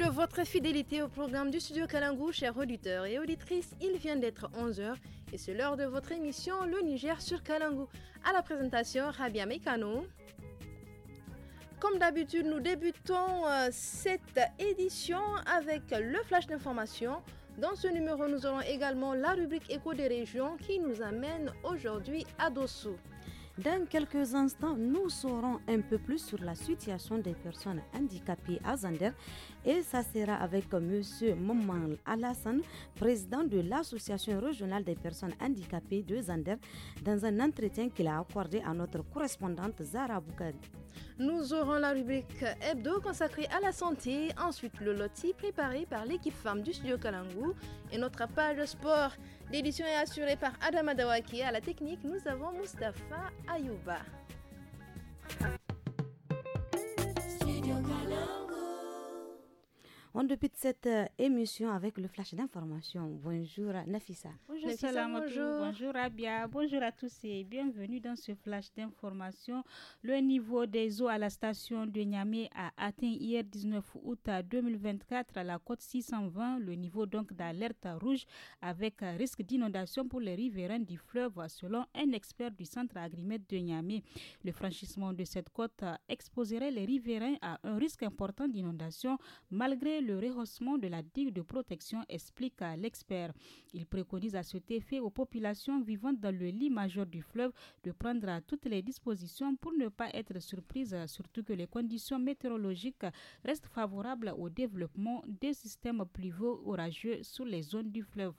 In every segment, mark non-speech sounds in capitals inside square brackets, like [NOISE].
de votre fidélité au programme du studio Kalangou, chers auditeurs et auditrices. Il vient d'être 11h et c'est l'heure de votre émission Le Niger sur Kalangou. À la présentation, Rabia Mekano. Comme d'habitude, nous débutons euh, cette édition avec le flash d'information. Dans ce numéro, nous aurons également la rubrique Écho des régions qui nous amène aujourd'hui à Dossou. Dans quelques instants, nous saurons un peu plus sur la situation des personnes handicapées à Zander et ça sera avec M. Maman Alassane, président de l'Association régionale des personnes handicapées de Zander, dans un entretien qu'il a accordé à notre correspondante Zara Boukad. Nous aurons la rubrique hebdo consacrée à la santé, ensuite le loti préparé par l'équipe femme du studio Kalangou et notre page sport. L'édition est assurée par Adam Adawaki. À la technique, nous avons Mustafa Ayouba. On débute cette euh, émission avec le flash d'information. Bonjour Nafissa. Bonjour Salam bonjour. bonjour Abia, bonjour à tous et bienvenue dans ce flash d'information. Le niveau des eaux à la station de Niamey a atteint hier 19 août 2024 à la côte 620, le niveau donc d'alerte rouge avec risque d'inondation pour les riverains du fleuve selon un expert du centre agrimètre de Niamey. Le franchissement de cette côte exposerait les riverains à un risque important d'inondation malgré le rehaussement de la digue de protection, explique l'expert. Il préconise à cet effet aux populations vivant dans le lit majeur du fleuve de prendre toutes les dispositions pour ne pas être surprises, surtout que les conditions météorologiques restent favorables au développement des systèmes pluvieux orageux sur les zones du fleuve.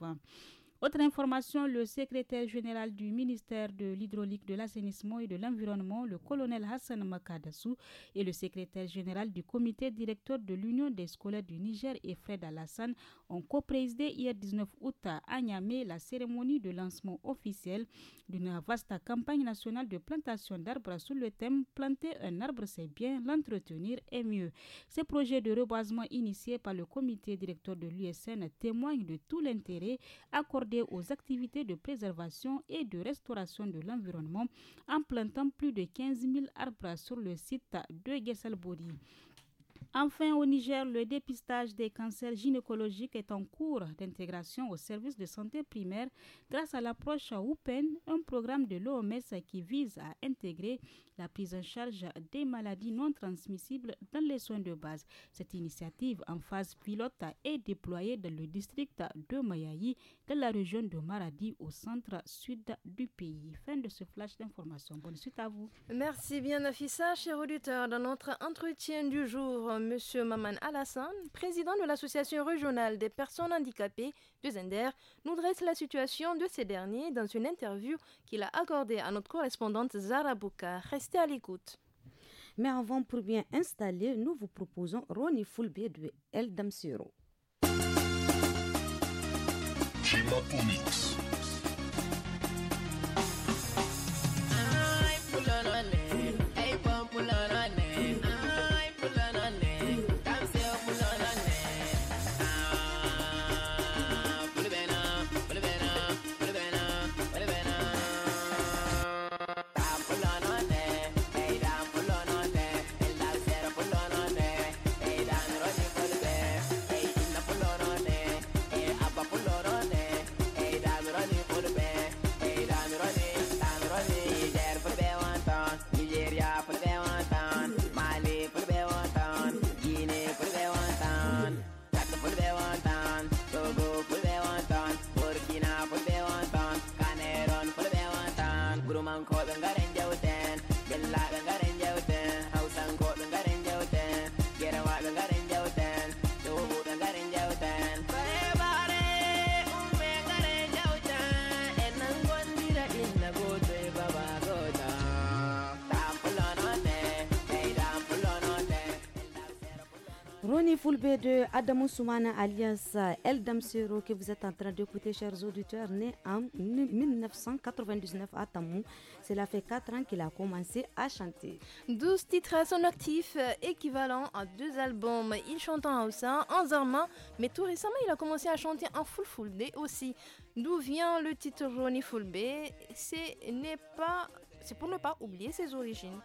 Autre information, le secrétaire général du ministère de l'hydraulique, de l'assainissement et de l'environnement, le colonel Hassan Makadassou, et le secrétaire général du comité directeur de l'Union des scolaires du Niger et Fred Alassane on co-présidé hier 19 août à Niamey la cérémonie de lancement officiel d'une vaste campagne nationale de plantation d'arbres sous le thème Planter un arbre, c'est bien, l'entretenir est mieux. Ces projets de reboisement initiés par le comité directeur de l'USN témoigne de tout l'intérêt accordé aux activités de préservation et de restauration de l'environnement en plantant plus de 15 000 arbres sur le site de Gesselbori. Enfin, au Niger, le dépistage des cancers gynécologiques est en cours d'intégration au service de santé primaire grâce à l'approche Open, un programme de l'OMS qui vise à intégrer la prise en charge des maladies non transmissibles dans les soins de base. Cette initiative en phase pilote est déployée dans le district de Mayaï, dans la région de Maradi, au centre sud du pays. Fin de ce flash d'information. Bonne suite à vous. Merci bien, Nafissa. Chers auditeurs, dans notre entretien du jour, M. Maman Alassane, président de l'Association régionale des personnes handicapées de Zender, nous dresse la situation de ces derniers dans une interview qu'il a accordée à notre correspondante Zara Bouka à l'écoute. Mais avant, pour bien installer, nous vous proposons Ronnie Fulbier de El Damsiro. Foul Foulbé de Adamou Soumana alias euh, El Damsero que vous êtes en train d'écouter, chers auditeurs, né en 1999 à Tamou. Cela fait 4 ans qu'il a commencé à chanter. 12 titres à son actif, euh, équivalent à deux albums. Il chante en Haussa, en Zarma, mais tout récemment, il a commencé à chanter en Full Foulbé aussi. D'où vient le titre Ronnie Foulbé C'est pour ne pas oublier ses origines.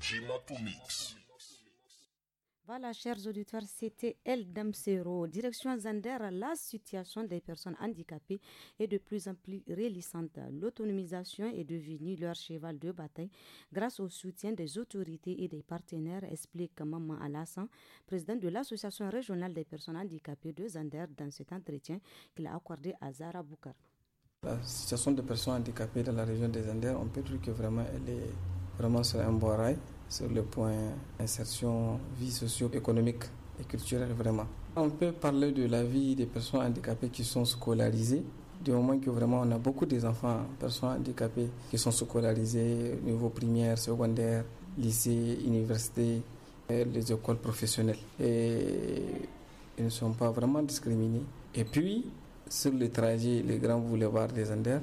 Gimato Mix. Voilà, chers auditeurs, c'était El Damsero. Direction Zander, la situation des personnes handicapées est de plus en plus réalisante. L'autonomisation est devenue leur cheval de bataille grâce au soutien des autorités et des partenaires, explique Maman Alassan, président de l'Association régionale des personnes handicapées de Zander, dans cet entretien qu'il a accordé à Zara Boukar. La situation des personnes handicapées dans la région des Zander, on peut dire que vraiment elle est vraiment sur un bon rail sur le point insertion, vie socio-économique et culturelle vraiment. On peut parler de la vie des personnes handicapées qui sont scolarisées. Du moment que vraiment on a beaucoup des enfants, personnes handicapées qui sont scolarisées au niveau primaire, secondaire, lycée, université, et les écoles professionnelles. Et ils ne sont pas vraiment discriminés. Et puis, sur le trajet, les grands boulevards des Anders,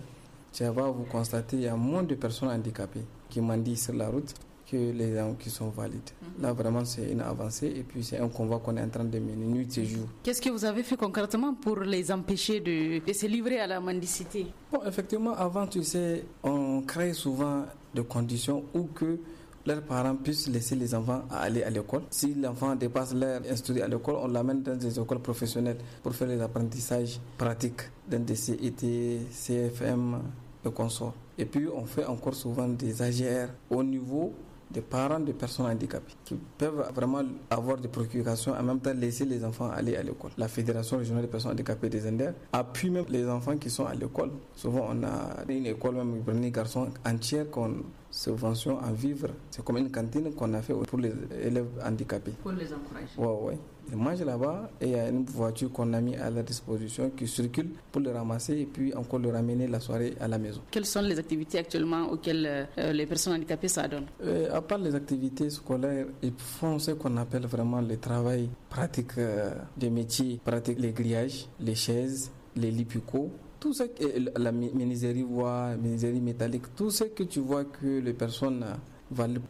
tu vas vous constater il y a moins de personnes handicapées qui m'ont dit sur la route que les gens qui sont valides. Mhm. Là, vraiment, c'est une avancée et puis c'est un convoi qu'on est en train de mener nuit et jour. Qu'est-ce que vous avez fait concrètement pour les empêcher de, se livrer à la mendicité Bon, effectivement, avant, tu sais, on crée souvent des conditions où que leurs parents puissent laisser les enfants aller à l'école. Si l'enfant dépasse l'heure instruite à l'école, on l'amène dans des écoles professionnelles pour faire les apprentissages pratiques dans des CET, CFM le consorts. Et puis on fait encore souvent des AGR au niveau des parents de personnes handicapées qui peuvent vraiment avoir des préoccupations en même temps laisser les enfants aller à l'école. La Fédération régionale des personnes handicapées des Indes appuie même les enfants qui sont à l'école. Souvent, on a une école, même les garçons entiers qu'on subventionne à vivre. C'est comme une cantine qu'on a fait pour les élèves handicapés. Pour les encourager. Ouais, ouais. Ils mangent là-bas et il y a une voiture qu'on a mis à leur disposition qui circule pour le ramasser et puis encore le ramener la soirée à la maison. Quelles sont les activités actuellement auxquelles euh, les personnes handicapées s'adonnent euh, À part les activités scolaires, ils font ce qu'on appelle vraiment le travail pratique euh, des métiers, pratique les grillages, les chaises, les lipicots tout ce que la miniserie la miniserie métallique, tout ce que tu vois que les personnes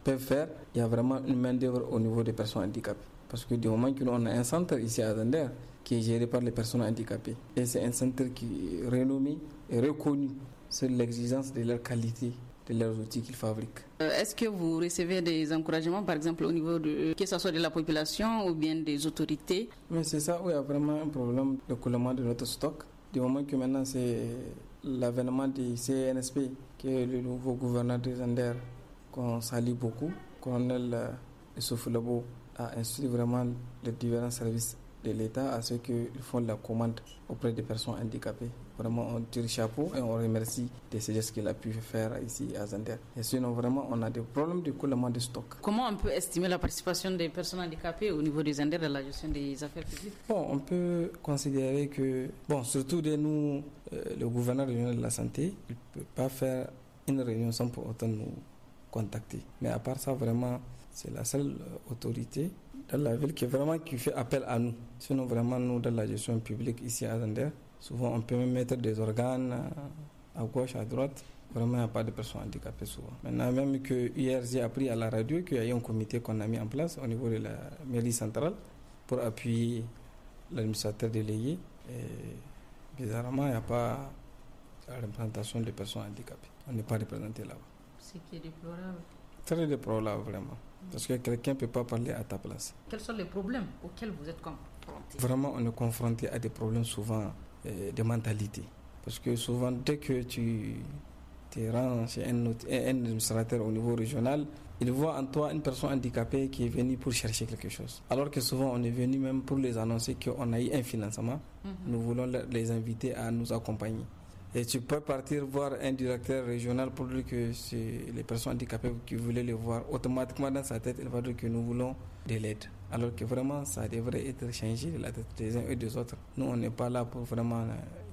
peuvent faire, il y a vraiment une main-d'œuvre au niveau des personnes handicapées. Parce que du moment qu'on a un centre ici à Zander qui est géré par les personnes handicapées, et c'est un centre qui est renommé et reconnu sur l'exigence de leur qualité de leurs outils qu'ils fabriquent. Euh, est-ce que vous recevez des encouragements, par exemple, au niveau de, euh, que ce soit de la population ou bien des autorités Mais c'est ça où il y a vraiment un problème de coulement de notre stock. Du moment que maintenant c'est l'avènement du CNSP, qui est le nouveau gouverneur de Zander, qu'on salue beaucoup, qu'on le souffle beau à instruire vraiment les différents services de l'État à ceux qu'ils font la commande auprès des personnes handicapées. Vraiment, on tire chapeau et on remercie de ces gestes qu'il a pu faire ici à Zander. Et sinon, vraiment, on a des problèmes de coulement de stock. Comment on peut estimer la participation des personnes handicapées au niveau des Zender dans la gestion des affaires publiques Bon, on peut considérer que, bon, surtout de nous, euh, le gouverneur régional de la santé, il ne peut pas faire une réunion sans pour autant nous contacter. Mais à part ça, vraiment, c'est la seule euh, autorité dans la ville qui, vraiment, qui fait appel à nous. Sinon, vraiment, nous, dans la gestion publique ici à Zander, souvent on peut même mettre des organes euh, à gauche, à droite. Vraiment, il n'y a pas de personnes handicapées souvent. Maintenant, même que hier, j'ai appris à la radio qu'il y a eu un comité qu'on a mis en place au niveau de la mairie centrale pour appuyer l'administrateur délégué. Et bizarrement, il n'y a pas la représentation des personnes handicapées. On n'est pas représenté là-bas. Ce qui est déplorable. Très déplorable, vraiment. Parce que quelqu'un ne peut pas parler à ta place. Quels sont les problèmes auxquels vous êtes confrontés Vraiment, on est confronté à des problèmes souvent euh, de mentalité. Parce que souvent, dès que tu te rends chez un, administrateur au niveau régional, il voit en toi une personne handicapée qui est venue pour chercher quelque chose. Alors que souvent, on est venu même pour les annoncer qu'on a eu un financement. Mhm. Nous voulons les inviter à nous accompagner. Et tu peux partir voir un directeur régional pour dire que c'est les personnes handicapées qui voulaient les voir. Automatiquement, dans sa tête, il va dire que nous voulons de l'aide. Alors que vraiment, ça devrait être changé de la tête des uns et des autres. Nous, on n'est pas là pour vraiment euh,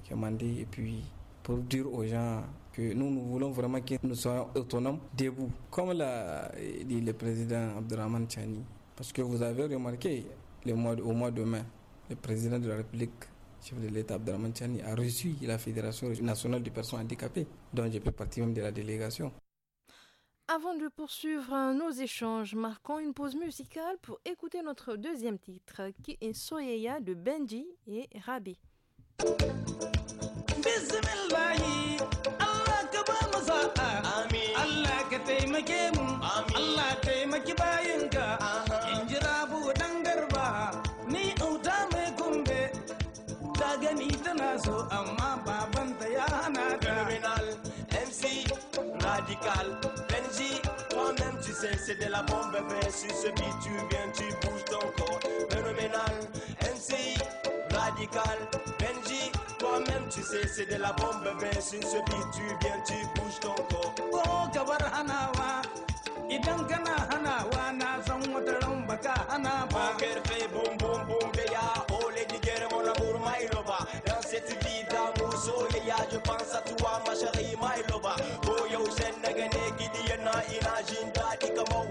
commander et puis pour dire aux gens que nous, nous voulons vraiment que nous soyons autonomes debout. Comme l'a euh, dit le président Abdurrahman Chani. Parce que vous avez remarqué, le mois, au mois de mai, le président de la République chef de l'État Manchani a reçu la Fédération nationale des personnes handicapées, dont j'ai fais partie même de la délégation. Avant de poursuivre nos échanges, marquons une pause musicale pour écouter notre deuxième titre, qui est Soyeya de Benji et Rabi. c'est de la bombe, mais si ce beat, tu viens, tu bouges ton corps. Phénoménal, MCI, radical, Benji, toi-même, tu sais, c'est de la bombe, mais si ce beat, tu viens, tu bouges ton corps. Oh, Gabar Hanawa, idan kana hanawa na san wata ran baka hana ba. oh, les guerres, mon amour, maïroba. Dans cette vie d'amour, soleil, je pense à toi.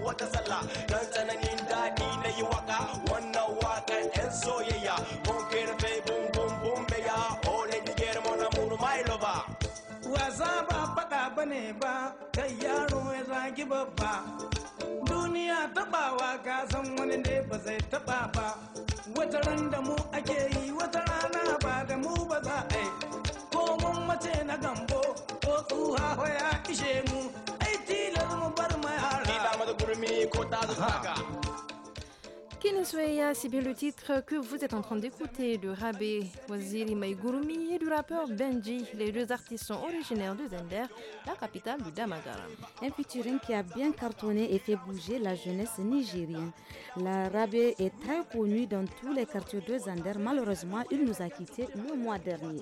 wata tsalla don tsananin daɗi na yi waka wannan waka yan soyayya bon kerfe bum bum bum beya ole ni germo na muru mai loba wasa ba faɗa ne ba kai yaro ya zagi babba duniya taɓawa ka san wani ne ba zai taɓa ba wata ran da mu ake yi wata rana ba da mu ba za a yi ko mun mace na gambo ko tsuha ya ishe mu Ah. Qui soyez c'est euh, bien le titre que vous êtes en train d'écouter de Rabé Waziri Maigurumi et du rappeur Benji. Les deux artistes sont originaires de Zender, la capitale du Damagaram. Un featuring qui a bien cartonné et fait bouger la jeunesse nigérienne. La Rabé est très connue dans tous les quartiers de Zander. Malheureusement, il nous a quittés le mois dernier.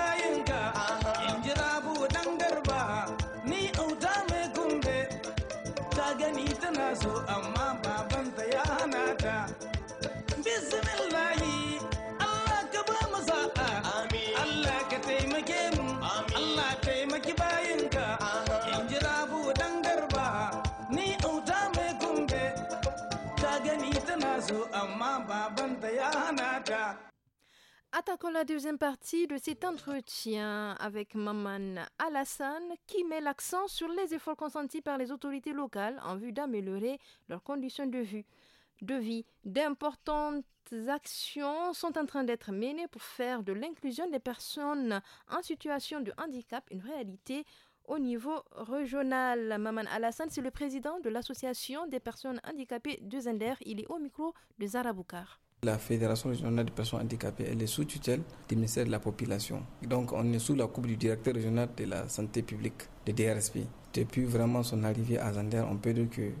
ta so amma babanta ya hana ta bismillahi Allah ka ba mu sa'a amin Allah ka taimake mu Allah taimaki bayinka in ji rabu dan garba ni auta mai kumbe ta gani tana so amma babanta ya hana ta Attaquons la deuxième partie de cet entretien avec Maman Alassane qui met l'accent sur les efforts consentis par les autorités locales en vue d'améliorer leurs conditions de vie. De vie. D'importantes actions sont en train d'être menées pour faire de l'inclusion des personnes en situation de handicap une réalité au niveau régional. Maman Alassane, c'est le président de l'association des personnes handicapées de Zender. Il est au micro de Zara Boukar. La Fédération régionale des personnes handicapées, est sous tutelle du ministère de la Population. Donc on est sous la coupe du directeur régional de la santé publique, de DRSP. Depuis vraiment son arrivée à Zander, on peut dire que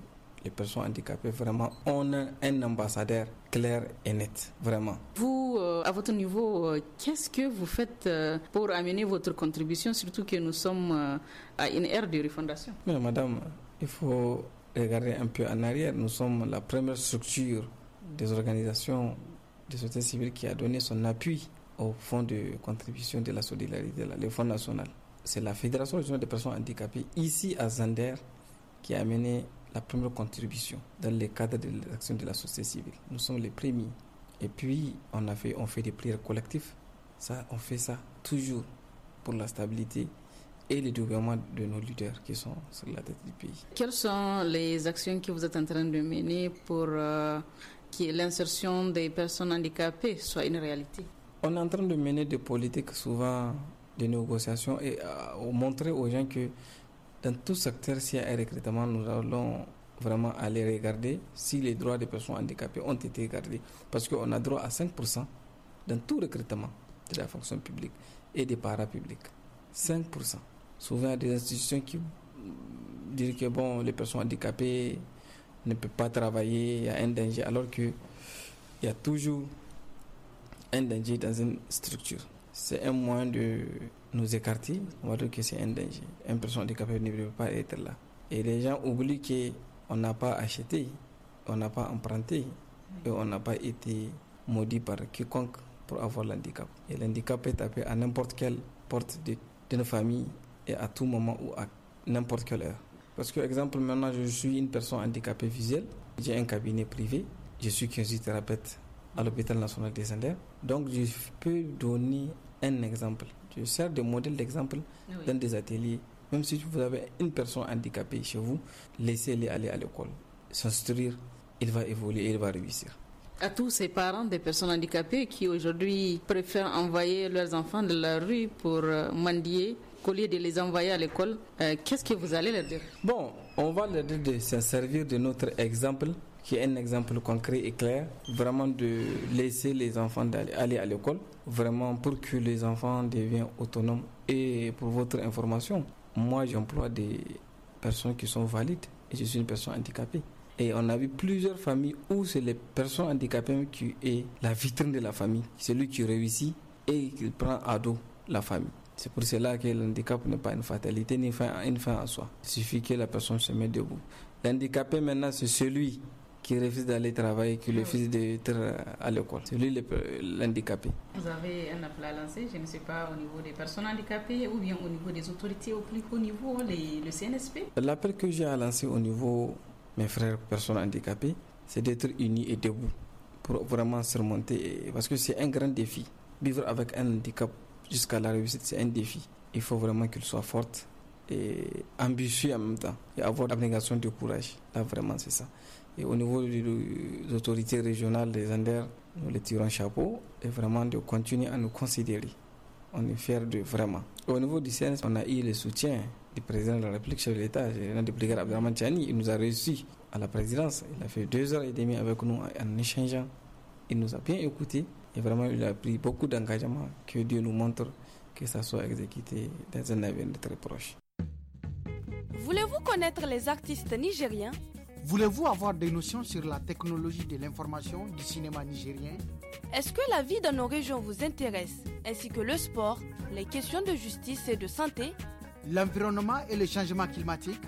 les personnes handicapées, vraiment, on un ambassadeur clair et net, vraiment. Vous, euh, à votre niveau, euh, qu'est-ce que vous faites euh, pour amener votre contribution, surtout que nous sommes à une ère de refondation Mais Madame, il faut regarder un peu en arrière. Nous sommes la première structure des organisations de société civile qui a donné son appui au fonds de contribution de la solidarité, le fonds national. C'est la Fédération régionale des personnes handicapées ici à Zander qui a mené la première contribution dans le cadre de l'action de la société civile. Nous sommes les premiers. Et puis, on fait, on fait des prières collectives. Ça, on fait ça toujours pour la stabilité et le développement de nos leaders qui sont sur la tête du pays. Quelles sont les actions que vous êtes en train de mener pour euh, qui est l'insertion des personnes handicapées soit une réalité. On est en train de mener des politiques souvent de négociations et euh, montrer aux gens que dans tout secteur, s'il y a un recrutement, nous allons vraiment aller regarder si les droits des personnes handicapées ont été gardés. Parce qu'on a droit à 5% dans tout recrutement de la fonction publique et des parapublics. 5%. Souvent, il y a des institutions qui euh, disent que bon, les personnes handicapées ne peut pas travailler, il y a un danger, alors qu'il y a toujours un danger dans une structure. C'est un moyen de nous écarter, on va que c'est un danger. Une personne handicapée ne peut pas être là. Et les gens oublient qu'on n'a pas acheté, on n'a pas emprunté, mm. et on n'a pas été maudit par quiconque pour avoir l'handicap. Et l'handicap est tapé à n'importe quelle porte de d'une famille et à tout moment ou à n'importe quelle heure. Parce que, exemple, maintenant, je suis une personne handicapée visuelle. J'ai un cabinet privé. Je suis kinésithérapeute à l'hôpital national des Indes. Donc, je peux donner un exemple. Je sers de modèle d'exemple dans des ateliers. Même si vous avez une personne handicapée chez vous, laissez-les aller à l'école. S'instruire, il va évoluer, il va réussir à tous ces parents des personnes handicapées qui aujourd'hui préfèrent envoyer leurs enfants de la rue pour euh, mendier qu'au lieu de les envoyer à l'école, euh, qu'est-ce que vous allez leur dire Bon, on va leur dire de se servir de notre exemple, qui est un exemple concret et clair, vraiment de laisser les enfants aller, à l'école, vraiment pour que les enfants deviennent autonomes. Et pour votre information, moi j'emploie des personnes qui sont valides et je suis une personne handicapée. Et on a vu plusieurs familles où c'est les personnes handicapées qui est la vitrine de la famille, celui qui réussit et qui prend à dos la famille. C'est pour cela que l'handicap n'est pas une fatalité ni une fin en soi. Il suffit que la personne se mette debout. L'handicapé maintenant, c'est celui qui refuse d'aller travailler, qui ah refuse d'être euh, à l'école. C'est lui l'handicapé. Vous avez un appel à lancer, je ne sais pas, au niveau des personnes handicapées ou bien au niveau des autorités, au plus haut niveau, le CNSP L'appel que j'ai à lancer au niveau mes frères personnes handicapées, c'est d'être unis et debout pour vraiment surmonter, parce que c'est un grand défi. Vivre avec un handicap jusqu'à la réussite, c'est un défi. Il faut vraiment qu'elle soit forte et ambitieuse en même temps et avoir l'abnégation du courage. Là, vraiment, c'est ça. Et au niveau des autorités régionales des Anders, nous les tirons chapeau et vraiment de continuer à nous considérer. On est fiers de vraiment. Au niveau du CNS, on a eu le soutien du président de la République, chef de l'État, général de brigade Abdelrahman Tchani. Il nous a réussi à la présidence. Il a fait deux heures et demie avec nous en échangeant. Il nous a bien écoutés. Et vraiment, il a pris beaucoup d'engagement que Dieu nous montre que ça soit exécuté dans un avenir très proche. Voulez-vous connaître les artistes nigériens Voulez-vous avoir des notions sur la technologie de l'information du cinéma nigérien Est-ce que la vie dans nos régions vous intéresse, ainsi que le sport, les questions de justice et de santé L'environnement et le changement climatique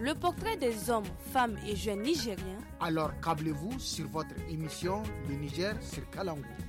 Le portrait des hommes, femmes et jeunes nigériens Alors câblez-vous sur votre émission du Niger sur Kalangou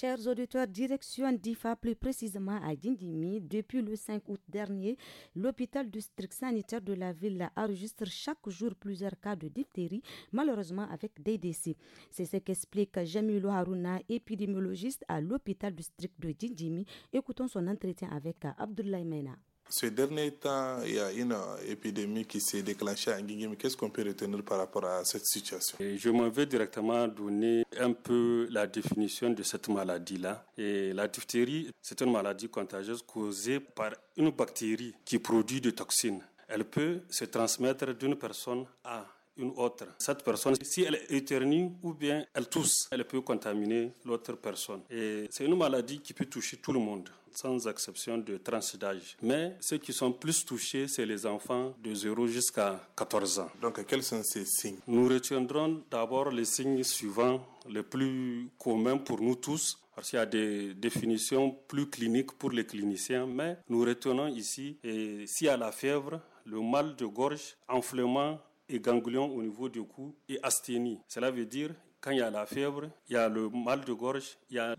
Chers auditeurs, direction d'IFA, plus précisément à Dindimi, depuis le 5 août dernier, l'hôpital du district sanitaire de la ville enregistre chaque jour plusieurs cas de diphtérie, malheureusement avec des décès. C'est ce qu'explique Jamilo Haruna, épidémiologiste à l'hôpital du district de Dindimi. Écoutons son entretien avec Abdoulaye Mena. Ce dernier temps, il y a une épidémie qui s'est déclenchée à Qu'est-ce qu'on peut retenir par rapport à cette situation Je m'en vais directement donner un peu la définition de cette maladie-là. Et la diphtérie, c'est une maladie contagieuse causée par une bactérie qui produit des toxines. Elle peut se transmettre d'une personne à une autre. Cette personne, si elle éternue ou bien elle tousse, elle peut contaminer l'autre personne. Et c'est une maladie qui peut toucher tout le monde, sans exception de tranche d'âge. Mais ceux qui sont plus touchés, c'est les enfants de 0 jusqu'à 14 ans. Donc, quels sont ces signes Nous retiendrons d'abord les signes suivants, les plus communs pour nous tous. Parce qu'il y a des définitions plus cliniques pour les cliniciens, mais nous retenons ici, et s'il y a la fièvre, le mal de gorge, enflement et ganglions au niveau du cou et asthénie. Cela veut dire quand il y a la fièvre, il y a le mal de gorge, il y a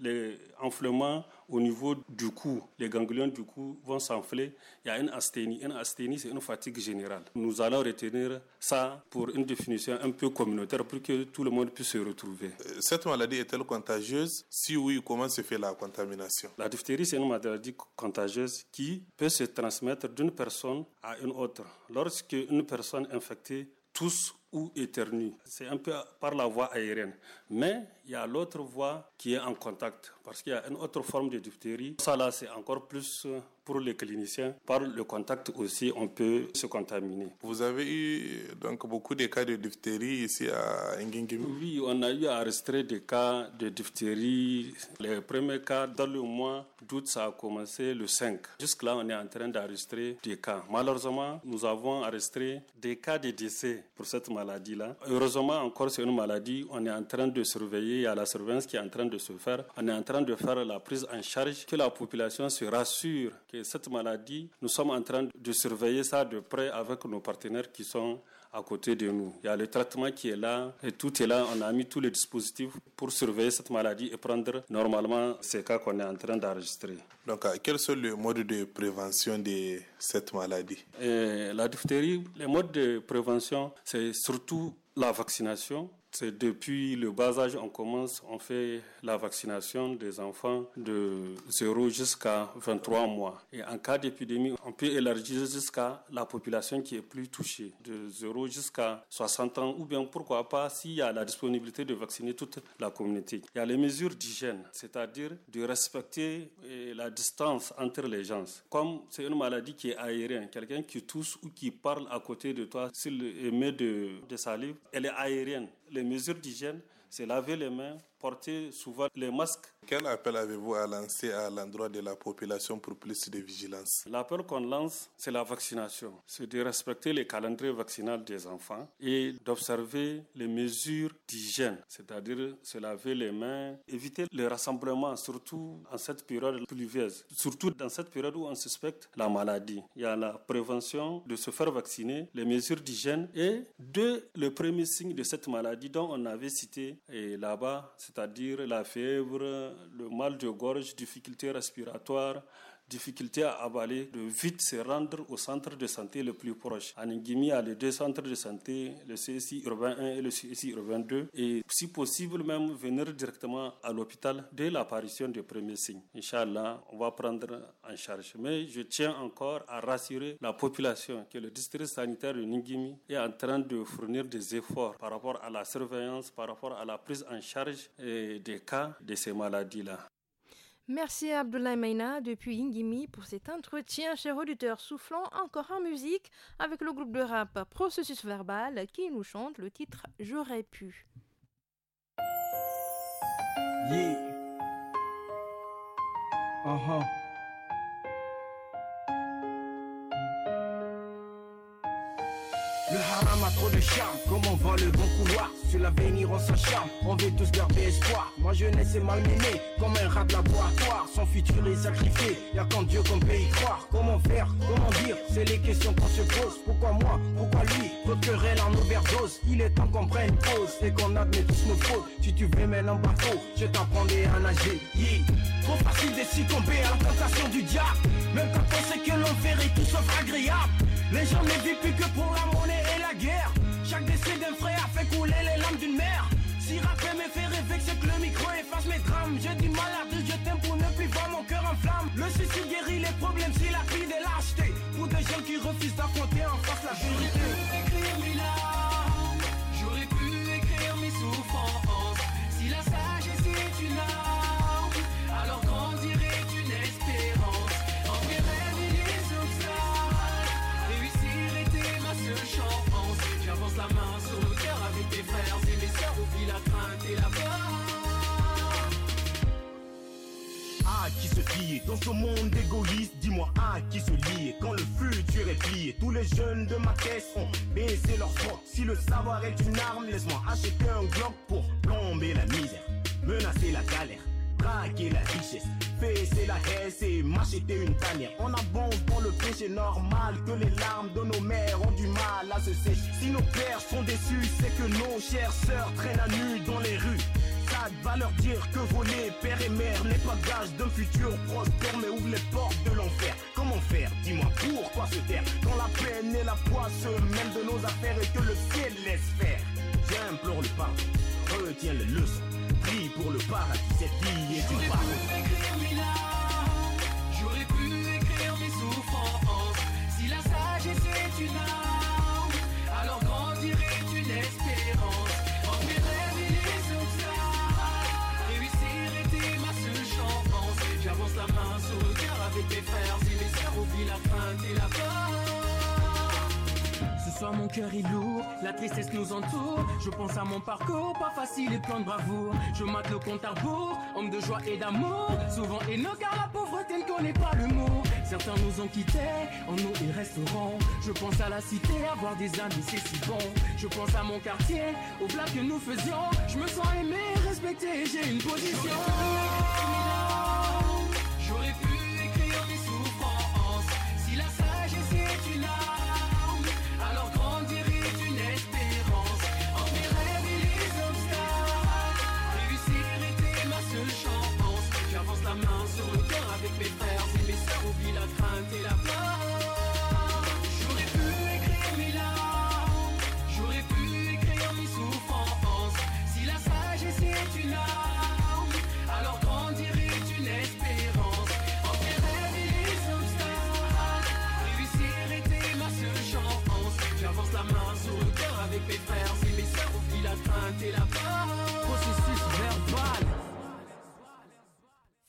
l'enflement au niveau du cou. Les ganglions du cou vont s'enfler. Il y a une asthénie. Une asthénie, c'est une fatigue générale. Nous allons retenir ça pour une définition un peu communautaire pour que tout le monde puisse se retrouver. Euh, cette maladie est-elle contagieuse Si oui, comment se fait la contamination La diphtérie, c'est une maladie contagieuse qui peut se transmettre d'une personne à une autre. Lorsqu'une personne infectée tous ou éternus C'est un peu par la voie aérienne. Mais il y a l'autre voie qui est en contact. Parce qu'il y a une autre forme de diphtérie. Ça, là, c'est encore plus euh, pour les cliniciens. Par le contact aussi, on peut se contaminer. Vous avez eu donc beaucoup de cas de diphtérie ici à Ngingimi Oui, on a eu à des cas de diphtérie. Les premiers cas, dans le mois d'août, ça a commencé le 5. Jusque-là, on est en train d'arrêter des cas. Malheureusement, nous avons arrêté des cas de décès pour cette maladie-là. Heureusement, encore, c'est une maladie. On est en train de surveiller. Il y a la surveillance qui est en train de de se faire. On est en train de faire la prise en charge, que la population se rassure que cette maladie, nous sommes en train de surveiller ça de près avec nos partenaires qui sont à côté de nous. Il y a le traitement qui est là, et tout est là. On a mis tous les dispositifs pour surveiller cette maladie et prendre normalement ces cas qu'on est en train d'enregistrer. Donc, euh, quels sont les modes de prévention de cette maladie La diphtérie, les modes de prévention, c'est surtout la vaccination, c'est depuis le bas âge, on commence, on fait la vaccination des enfants de 0 jusqu'à 23 mois. Et en cas d'épidémie, on peut élargir jusqu'à la population qui est plus touchée, de 0 jusqu'à 60 ans, ou bien pourquoi pas s'il y a la disponibilité de vacciner toute la communauté. Il y a les mesures d'hygiène, c'est-à-dire de respecter eh, la distance entre les gens. Comme c'est une maladie qui est aérienne, quelqu'un qui tousse ou qui parle à côté de toi, s'il émet de, de salive, elle est aérienne les mesures d'hygiène, c'est laver les mains, porter souvent les masques. Quel appel avez-vous à lancer à l'endroit de la population pour plus de vigilance L'appel qu'on lance, c'est la vaccination. C'est de respecter les calendriers vaccinal des enfants et d'observer les mesures d'hygiène, c'est-à-dire se laver les mains, éviter les rassemblements, surtout en cette période pluvieuse, surtout dans cette période où on suspecte la maladie. Il y a la prévention de se faire vacciner, les mesures d'hygiène et de le premier signe de cette maladie dont on avait cité là-bas, c'est-à-dire la fièvre, le mal de gorge, difficultés respiratoires, difficulté à avaler, de vite se rendre au centre de santé le plus proche. il y a les deux centres de santé, le CSI urbain 1 et le CSI urbain 2, et si possible même venir directement à l'hôpital dès l'apparition des premiers signes. Inch'Allah, on va prendre en charge. Mais je tiens encore à rassurer la population que le district sanitaire de Nguimi est en train de fournir des efforts par rapport à la surveillance, par rapport à la prise en charge des cas de ces maladies-là. Merci à Abdoulaye Maina depuis Ingimi pour cet entretien, cher auditeur, soufflant encore en musique avec le groupe de rap Processus Verbal qui nous chante le titre J'aurais pu. Uh-huh. Le haram a trop de charme, on voit le bon couloir Sur l'avenir on s'acharne, on veut tous garder espoir Moi je jeunesse mal mené, comme un rat de laboratoire Son futur est sacrifié, y'a qu'en Dieu qu'on peut y croire Comment faire, comment dire, c'est les questions qu'on se pose Pourquoi moi, pourquoi lui, votre querelle en overdose Il est temps qu'on prenne pause et qu'on admet tous nos fautes Si tu veux un bateau, je t'apprendrai à nager yeah. Trop facile de s'y tomber à la tentation du diable Même quand on sait que l'enfer est tout sauf agréable les gens ne vivent plus que pour la monnaie et la guerre. Chaque décès d'un frère fait couler les lames d'une mère. Si rapper me fait rêver c'est que le micro efface mes drames Je dis mal à je t'aime pour ne plus voir mon cœur en flamme Le suicide guérit les problèmes si la vie. dans ce monde égoïste Dis-moi à qui se lier quand le futur est plié Tous les jeunes de ma caisse ont baissé leur front. Si le savoir est une arme, laisse-moi acheter un glock Pour plomber la misère, menacer la galère braquer la richesse, fesser la haisse et m'acheter une tanière. On avance dans le péché normal que les larmes de nos mères ont du mal à se sécher. Si nos pères sont déçus, c'est que nos chères sœurs traînent à nu dans les rues. Va leur dire que voler père et mère N'est pas gage d'un futur prospère Mais ouvre les portes de l'enfer Comment faire Dis-moi pourquoi se taire Quand la peine et la poisse même de nos affaires Et que le ciel laisse faire J'implore le pardon, retiens les leçons Prie la tristesse nous entoure. Je pense à mon parcours, pas facile et plein de bravoure. Je mate le compte à homme de joie et d'amour. Souvent et nos car la pauvreté ne connaît pas le mot. Certains nous ont quittés, en nous ils restaurants. Je pense à la cité, avoir des amis c'est si bon. Je pense à mon quartier, aux plat que nous faisions. Je me sens aimé, respecté j'ai une position.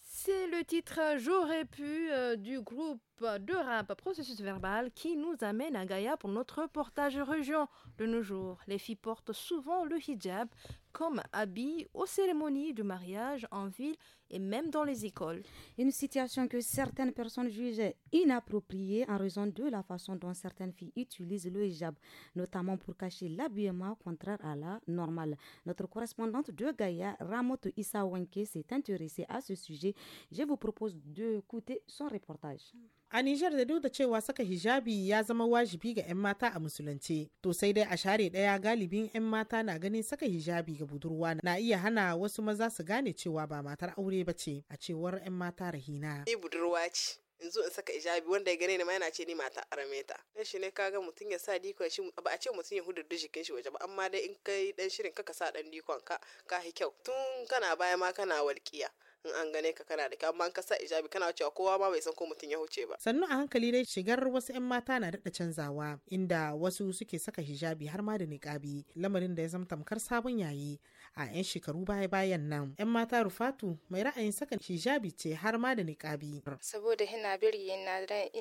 C'est le titre J'aurais pu euh, du groupe de rap Processus Verbal qui nous amène à Gaïa pour notre reportage région. De nos jours, les filles portent souvent le hijab, comme habits, aux cérémonies de mariage en ville et même dans les écoles. Une situation que certaines personnes jugent inappropriée en raison de la façon dont certaines filles utilisent le hijab, notamment pour cacher l'habillement contraire à la normale. Notre correspondante de Gaïa, Ramoto Issa s'est intéressée à ce sujet. Je vous propose d'écouter son reportage. A Nijar da duk da cewa saka hijabi ya zama wajibi ga 'yan mata a musulunce, to sai dai a share ɗaya galibin 'yan mata na ganin saka hijabi ga budurwa na iya hana wasu maza su gane cewa ba matar aure ba ce a cewar 'yan mata rahina. Ni budurwa ce, in zo in saka ijabi wanda ya gane ni ma yana ce ni mata arameta ta dan shi ne kaga mutum ya sa dikon shi ba a ce mutum ya hudurdu jikin shi waje ba amma dai in kai dan shirin ka sa dan dikon ka ka hi kyau tun kana baya ma kana walkiya in an gane ka kana da kyau amma ka sa ijabi kana cewa kowa ma bai san ko mutum ya huce ba sannu a hankali dai shigar wasu 'yan mata na daɗa canzawa inda wasu suke saka hijabi har ma da niƙabi lamarin da ya zama tamkar sabon yayi a 'yan shekaru baya-bayan nan. 'Yan mata Rufatu mai ra'ayin saka hijabi ce har ma da niƙabi. Saboda hina biri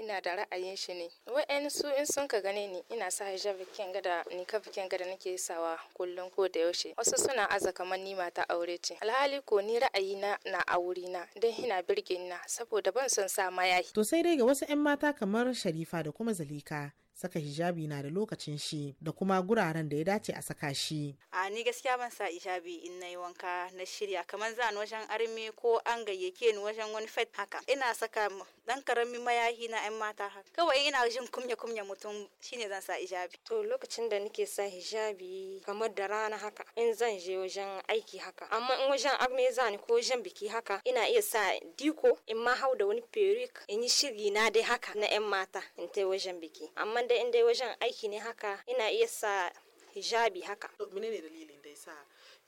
ina da ra'ayin shi ne. Wa'yan in sun ka gane ni ina sa hijabi kyan gada niƙabi kyan gada nake sawa kullum ko da yaushe. Wasu suna aza kamar ni mata aure ce. Alhali ko ni ra'ayi na na aure na don hina birgin na saboda ban son sa mayahi. To sai dai ga wasu 'yan mata kamar Sharifa da kuma Zalika saka hijabi na da lokacin shi da kuma guraren da ya dace a saka shi. A ni gaskiya ban sa hijabi in na yi wanka na shirya kamar zan wajen arme ko an gayyake ni wajen wani fet haka. Ina saka dan karamin mayahi na 'yan mata haka. Kawai ina jin kumya kumya mutum shine zan sa hijabi. To lokacin da nake sa hijabi kamar da rana haka in zan je wajen aiki haka. Amma in wajen armi zani ko wajen biki haka ina iya sa diko in ma hau da wani perik in yi shiri na dai haka na 'yan mata in ta wajen biki. Amma in dai wajen aiki ne haka ina iya sa hijabi haka. Menene dalili?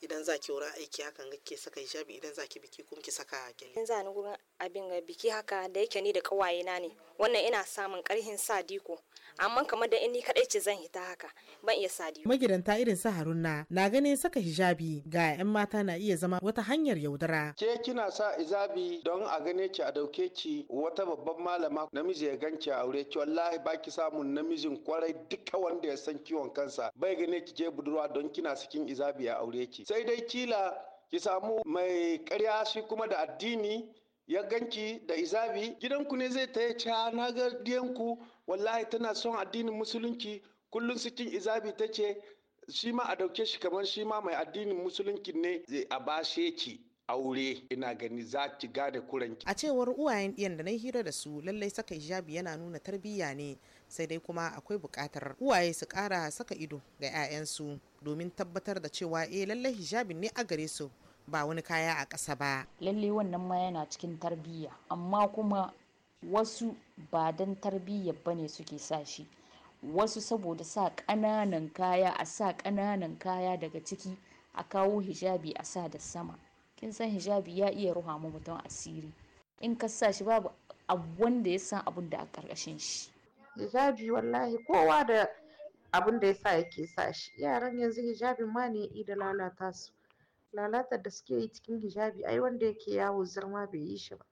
idan za ki wurin aiki hakan ke saka hijabi idan za ki biki kuma ki saka gyale in za ni wurin abin ga biki haka da yake ni da kawaye na ne wannan ina samun karhin diko amma kamar da in ni kadai ce zan hita haka ban iya sa diko. magidanta irin sa haruna na ganin saka hijabi ga yan mata na iya zama wata hanyar yaudara ke kina sa hijabi don a gane ki a dauke ki wata babban malama namiji ya ganki a aure ki wallahi baki samun namijin kwarai duka wanda ya san kiwon kansa bai gane ki ke budurwa don kina sakin hijabi a aure ki sai dai kila ki samu mai karya shi kuma da addini ya ganki da izabi gidanku ne zai taya ca na ga wallahi tana son addinin musulunci kullum cikin izabi ta ce shi ma a dauke shi kamar shi ma mai addinin musulunci ne zai a bashe ki aure ina gani za ki gane kuranki a cewar uwayen ɗiyan da na hira da su lallai saka hijabi yana nuna tarbiyya ne sai dai kuma akwai bukatar uwaye su kara saka ido ga 'ya'yansu domin tabbatar da cewa eh lallai hijabin ne a gare su ba wani kaya a ƙasa ba. Lalle wannan ma yana cikin tarbiyya, amma kuma wasu ba dan tarbiyya ba ne suke sa shi. Wasu saboda sa ƙananan kaya a sa ƙananan kaya daga ciki a kawo hijabi a sa da sama. Kin san hijabi ya iya ruha mutum asiri. In ka sa shi babu wanda ya san abun da a ƙarƙashin shi. hijabi wallahi kowa da abin da yasa yake sa shi yaran yanzu hijabin ma ne yi da lalata su lalatar da suke yi cikin hijabi ai wanda yake yawo zirma bai yi shi ba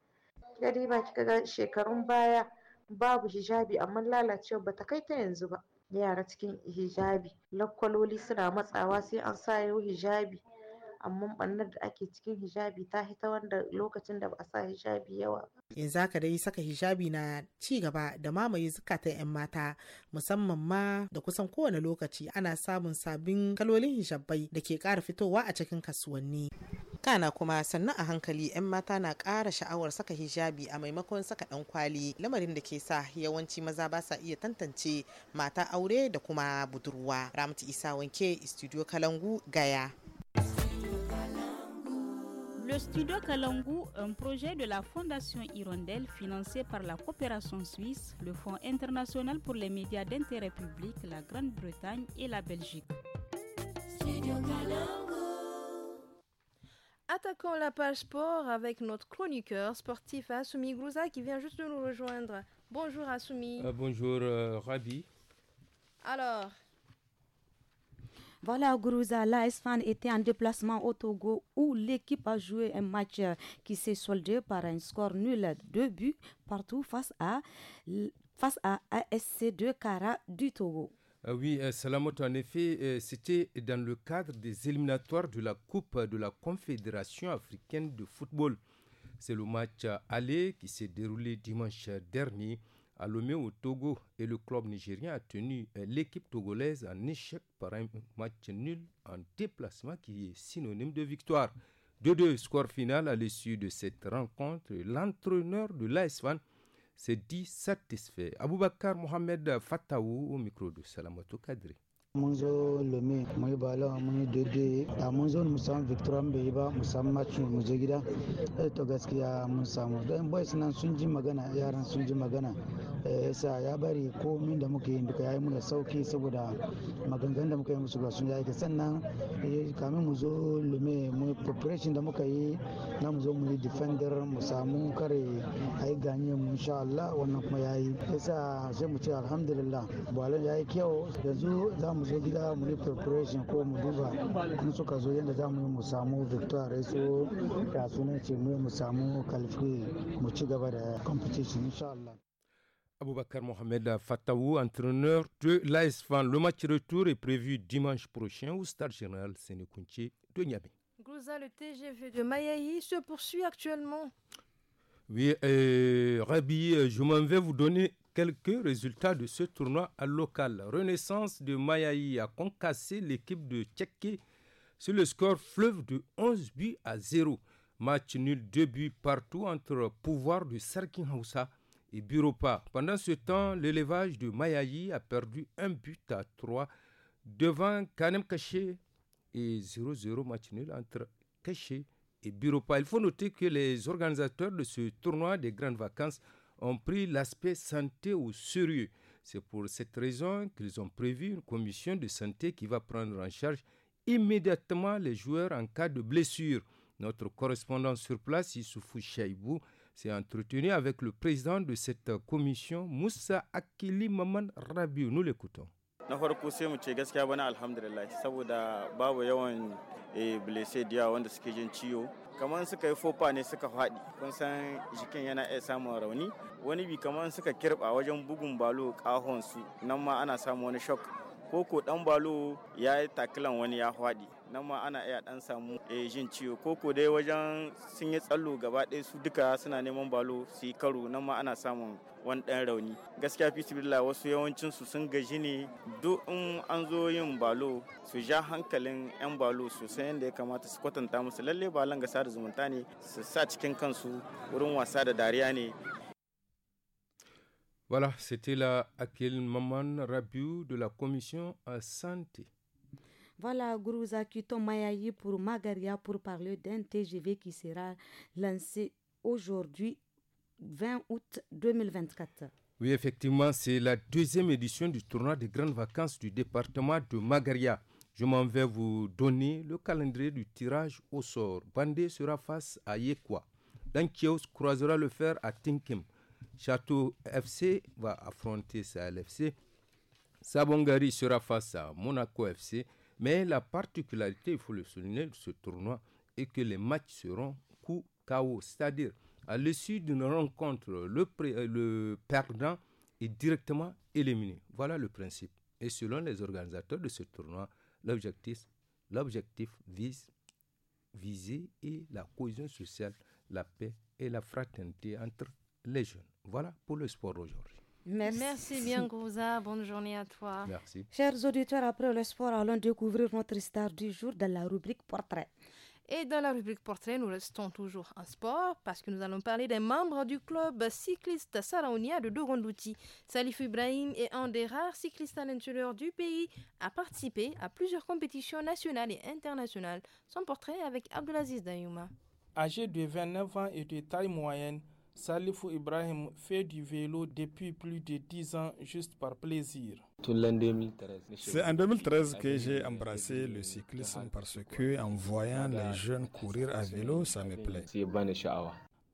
gari ba kika ga shekarun baya babu hijabi amma lalacewa ba ta kai ta yanzu ba yara cikin hijabi lakwaloli suna matsawa sai an sa yau hijabi amma ɓannar da ake cikin hijabi ta hita wanda lokacin da ba a sa hijabi yawa ba. Yanzu haka dai saka hijabi na ci gaba da mamaye zukatan 'yan mata musamman ma da kusan kowane lokaci ana samun sabbin kalolin hijabai da ke kara fitowa a cikin kasuwanni. kana kuma sannu a hankali 'yan mata na kara sha'awar saka hijabi a maimakon saka ɗan kwali lamarin da ke sa yawanci maza ba sa iya tantance mata aure da kuma budurwa ramtu isa wanke studio kalangu gaya Le studio Kalangu, un projet de la Fondation Hirondelle financé par la coopération suisse, le Fonds international pour les médias d'intérêt public, la Grande-Bretagne et la Belgique. Attaquons la page sport avec notre chroniqueur sportif Asumi Grouza qui vient juste de nous rejoindre. Bonjour Asumi. Euh, bonjour euh, Rabi. Alors, voilà, Gourouza, l'ASFAN était en déplacement au Togo où l'équipe a joué un match qui s'est soldé par un score nul, deux buts partout face à, face à ASC 2 Cara du Togo. Euh, oui, euh, Salamoto, en effet, euh, c'était dans le cadre des éliminatoires de la Coupe de la Confédération africaine de football. C'est le match aller qui s'est déroulé dimanche dernier à au Togo et le club nigérien a tenu euh, l'équipe togolaise en échec par un match nul en déplacement qui est synonyme de victoire. Deux-deux score final à l'issue de cette rencontre, l'entraîneur de l'ASFAN s'est dit satisfait. Aboubakar Mohamed Fataou au micro de Salamoto Kadri. mun zo lome mun bala balawa dede da mun zo mu bai yi ba mu match gida eh, to gaskiya mun samu dan boys nan sun magana yaran sun ji magana eh, yasa ya bari komai da muke yin duka ya yi sauki saboda maganganun da muka yi musu ba sun yi sannan eh, kamin mu zo lome mu preparation da muka yi na zo mu yi defender mu samu kare a yi ganye mu insha Allah wannan kuma yayi yasa sai mu ce alhamdulillah balon yayi yi kyau yanzu za mu zo gida mu yi preparation ko mu duba in suka zo yadda za mu yi mu samu victoire so da sunan ce mu mu samu kalfi mu ci gaba da competition insha Allah Aboubakar Mohamed Fataou, entraîneur de l'AS Le match retour est prévu dimanche prochain au Stade Général Sénécountier de Niamey le TGV de Mayaï se poursuit actuellement. Oui, euh, Rabi, je m'en vais vous donner quelques résultats de ce tournoi à local. Renaissance de Mayaï a concassé l'équipe de Tchéké sur le score fleuve de 11 buts à 0. Match nul 2 buts partout entre pouvoir de Sarkin Houssa et Buropa. Pendant ce temps, l'élevage de Mayaï a perdu un but à 3 devant Kanem Kaché, et 0-0 match entre Caché et pas. Il faut noter que les organisateurs de ce tournoi des grandes vacances ont pris l'aspect santé au sérieux. C'est pour cette raison qu'ils ont prévu une commission de santé qui va prendre en charge immédiatement les joueurs en cas de blessure. Notre correspondant sur place, Issoufou Chaibou, s'est entretenu avec le président de cette commission, Moussa Akili Maman Rabiou. Nous l'écoutons. na farko sai mu ce gaskiya bana alhamdulillah saboda babu yawan eh, blessed da wanda suke jin ciwo kamar suka yi fofa ne suka faɗi kun san jikin yana iya samun rauni wani bi kamar suka kirba wajen bugun balo kahon su nan ma ana samun wani shock ko ko dan balo ya yi takilan wani ya faɗi nan ma ana iya dan samu eh, jin ciwo ko ko dai wajen sun yi tsallo gaba ɗaya su duka suna neman balo su yi karo nan ma ana samun wani ɗan rauni gaskiya fisibila wasu yawancin su sun gaji ne duk in an zo yin balo su ja hankalin 'yan balo sosai yadda ya kamata su kwatanta musu lalle balon gasa sada zumunta ne su sa cikin kansu wurin wasa da dariya ne Voilà, c'était la Akil Maman Rabiou de la commission à euh, santé. Voilà, Gourouza Mayayi pour Magaria pour parler d'un TGV qui sera lancé aujourd'hui, 20 août 2024. Oui, effectivement, c'est la deuxième édition du tournoi des grandes vacances du département de Magaria. Je m'en vais vous donner le calendrier du tirage au sort. Bandé sera face à Yekwa. Dankios croisera le fer à Tinkim. Château FC va affronter sa LFC. Sabongari sera face à Monaco FC. Mais la particularité, il faut le souligner, de ce tournoi est que les matchs seront coup KO. C'est-à-dire, à, l'issue d'une rencontre, euh, le, perdant est directement éliminé. Voilà le principe. Et selon les organisateurs de ce tournoi, l'objectif, l'objectif vise viser et la cohésion sociale, la paix et la fraternité entre les jeunes. Voilà pour le sport aujourd'hui. Merci. bien, Gouza. Bonne journée à toi. Merci. Chers auditeurs, après le sport, allons découvrir notre star du jour dans la rubrique Portrait. Et dans la rubrique portrait, nous restons toujours en sport parce que nous allons parler des membres du club cycliste Saraounia de Dogondouti. Salif Ibrahim est un des rares cyclistes à l'intérieur du pays à participer à plusieurs compétitions nationales et internationales. Son portrait avec Abdelaziz Dayouma. Âgé de 29 ans et de taille moyenne, Salifou Ibrahim fait du vélo depuis plus de 10 ans juste par plaisir. C'est en 2013 que j'ai embrassé le cyclisme parce que en voyant les jeunes courir à vélo, ça me plaît.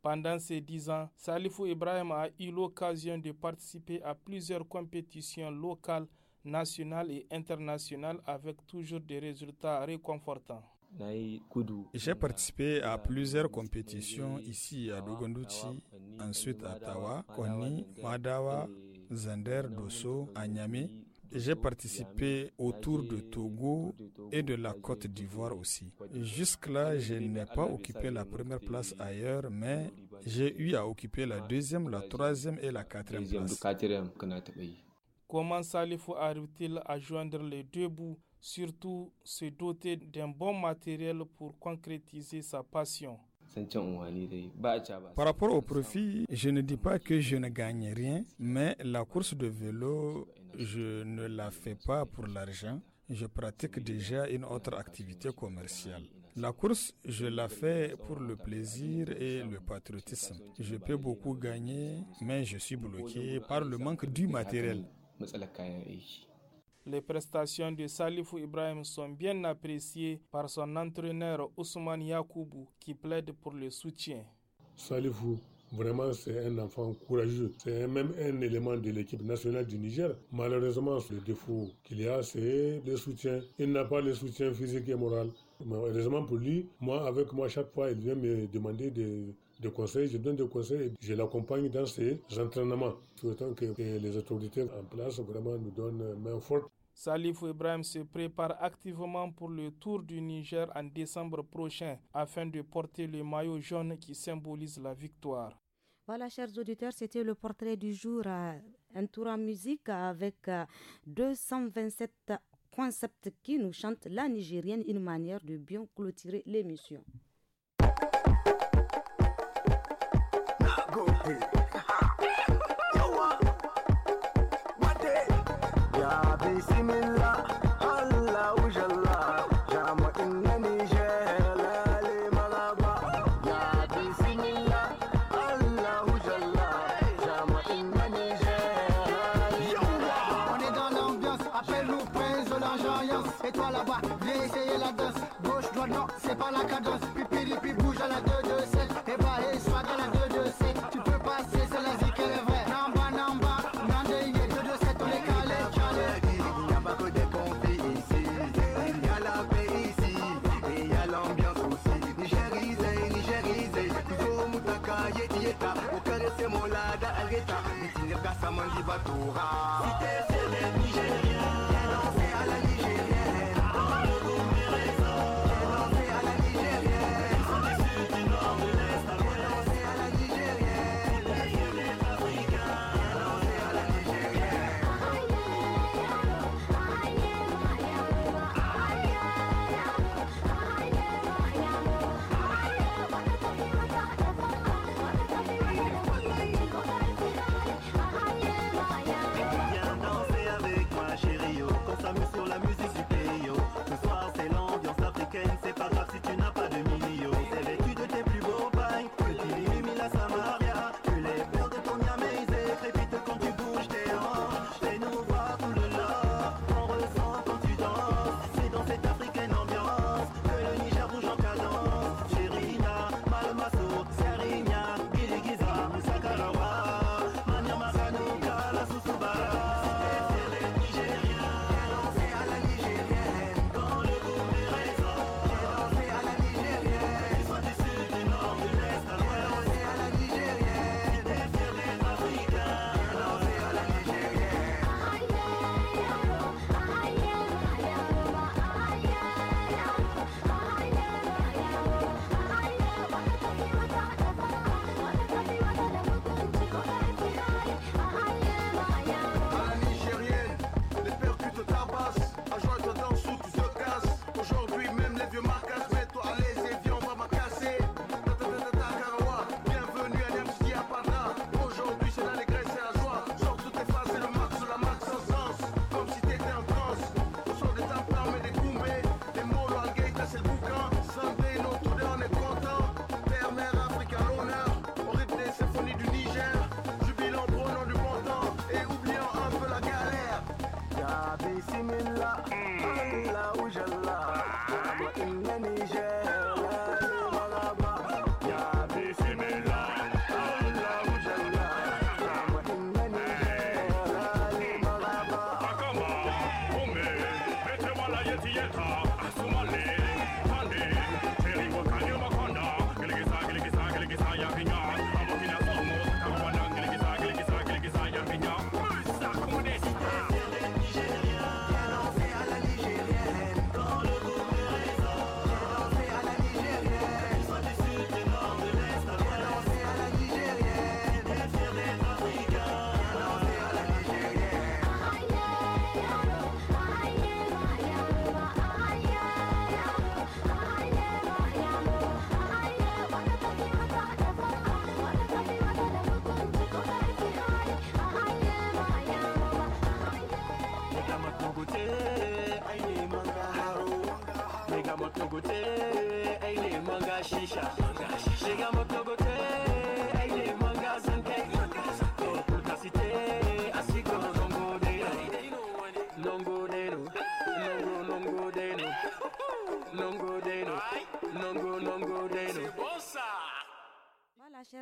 Pendant ces dix ans, Salifou Ibrahim a eu l'occasion de participer à plusieurs compétitions locales, nationales et internationales avec toujours des résultats réconfortants. J'ai participé à plusieurs compétitions ici à Dogonduchi, ensuite à Tawa, Koni, Madawa, Zander, Dosso, Anyame. J'ai participé autour de Togo et de la Côte d'Ivoire aussi. Jusque-là, je n'ai pas occupé la première place ailleurs, mais j'ai eu à occuper la deuxième, la troisième et la quatrième place. Comment Salifou arrive-t-il à joindre les deux bouts surtout se doter d'un bon matériel pour concrétiser sa passion. Par rapport au profit, je ne dis pas que je ne gagne rien, mais la course de vélo, je ne la fais pas pour l'argent. Je pratique déjà une autre activité commerciale. La course, je la fais pour le plaisir et le patriotisme. Je peux beaucoup gagner, mais je suis bloqué par le manque du matériel. Les prestations de Salifou Ibrahim sont bien appréciées par son entraîneur Ousmane Yakoubou qui plaide pour le soutien. Salifou, Vraiment, c'est un enfant courageux. C'est même un élément de l'équipe nationale du Niger. Malheureusement, le défaut qu'il y a, c'est le soutien. Il n'a pas le soutien physique et moral. Malheureusement pour lui, moi, avec moi, chaque fois, il vient me demander des, conseils. Je donne des conseils. Je l'accompagne dans ses entraînements. Je que, que les autorités en place vraiment nous donnent main forte Salif Ibrahim se prépare activement pour le Tour du Niger en décembre prochain afin de porter le maillot jaune qui symbolise la victoire. Voilà, chers auditeurs, c'était le portrait du jour, euh, un tour en musique avec 227 euh, concepts qui nous chantent la Nigérienne, une manière de bien clôturer l'émission. ageta bitinga kasa mandiba tora nigeria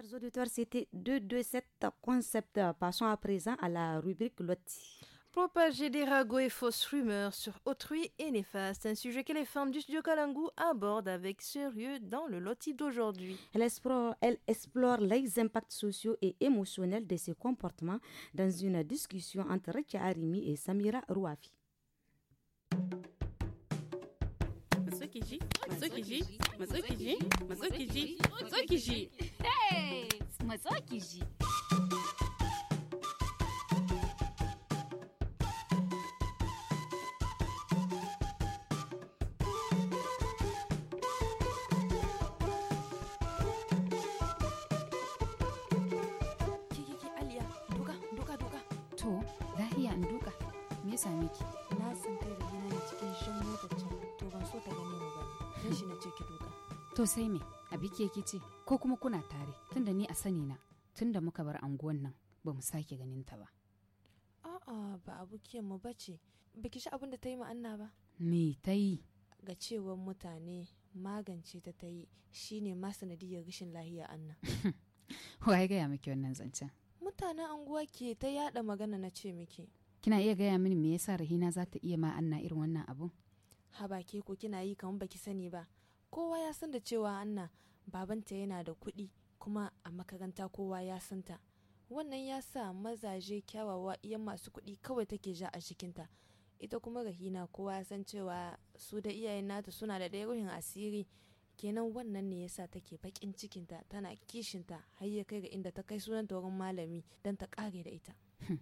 Chers auditeurs, c'était 227 Concept. Passons à présent à la rubrique Loti. Propager des ragots et fausses rumeurs sur autrui et néfaste, un sujet que les femmes du studio Kalangu abordent avec sérieux dans le loti d'aujourd'hui. Elle explore, les impacts sociaux et émotionnels de ces comportements dans une discussion entre Rekia Arimi et Samira Rouafi. masokiji masokiji masokiji masokiji masokiji masokiji sai me? Abi ke ce ko kuma kuna tare tunda ni a sani na tunda muka bar anguwan nan ba mu sake ganin ta ba. A'a ba abokiyar mu bace. Biki shi abin da ta yi ma'anna ba. Me ta yi? Ga cewar mutane magance ta ta yi shine ma sanadiyar rashin lahiya anna. [LAUGHS] Waye gaya miki wannan zancen? Mutanen anguwa ke ta yada magana na ce miki. Kina iya gaya mini me yasa Rahina za ta iya ma anna irin wannan abun? ba ke ko kina yi kamar baki sani ba. kowa ya san da cewa anna babanta yana da kuɗi kuma a makaranta kowa ya santa wannan ya sa mazaje kyawawa iyan masu kuɗi kawai take ja a cikinta ita kuma rahina kowa ya san cewa su da iyayen nata suna da ɗaya ruhin asiri kenan wannan ne yasa take bakin cikinta tana kishinta har ya kai ga inda ta kai sunan wurin malami don ta kare da ita hmm.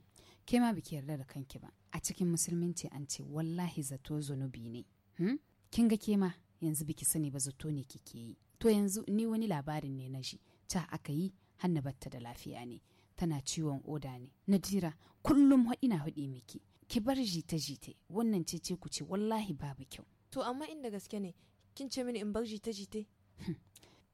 ke ma biki yarda da kanki ba a cikin musulminci an ce wallahi zato zunubi ne hmm? kin ga ke yanzu biki sani ba zato ne kike yi to yanzu ni wani labarin ne na ji ta aka yi hanna batta da lafiya ne tana ciwon oda ne na jira kullum ina haɗe miki ki bar jita jita wannan ce ce ku ce wallahi babu kyau to amma inda gaske ne kin ce mini in bar jita jita hmm.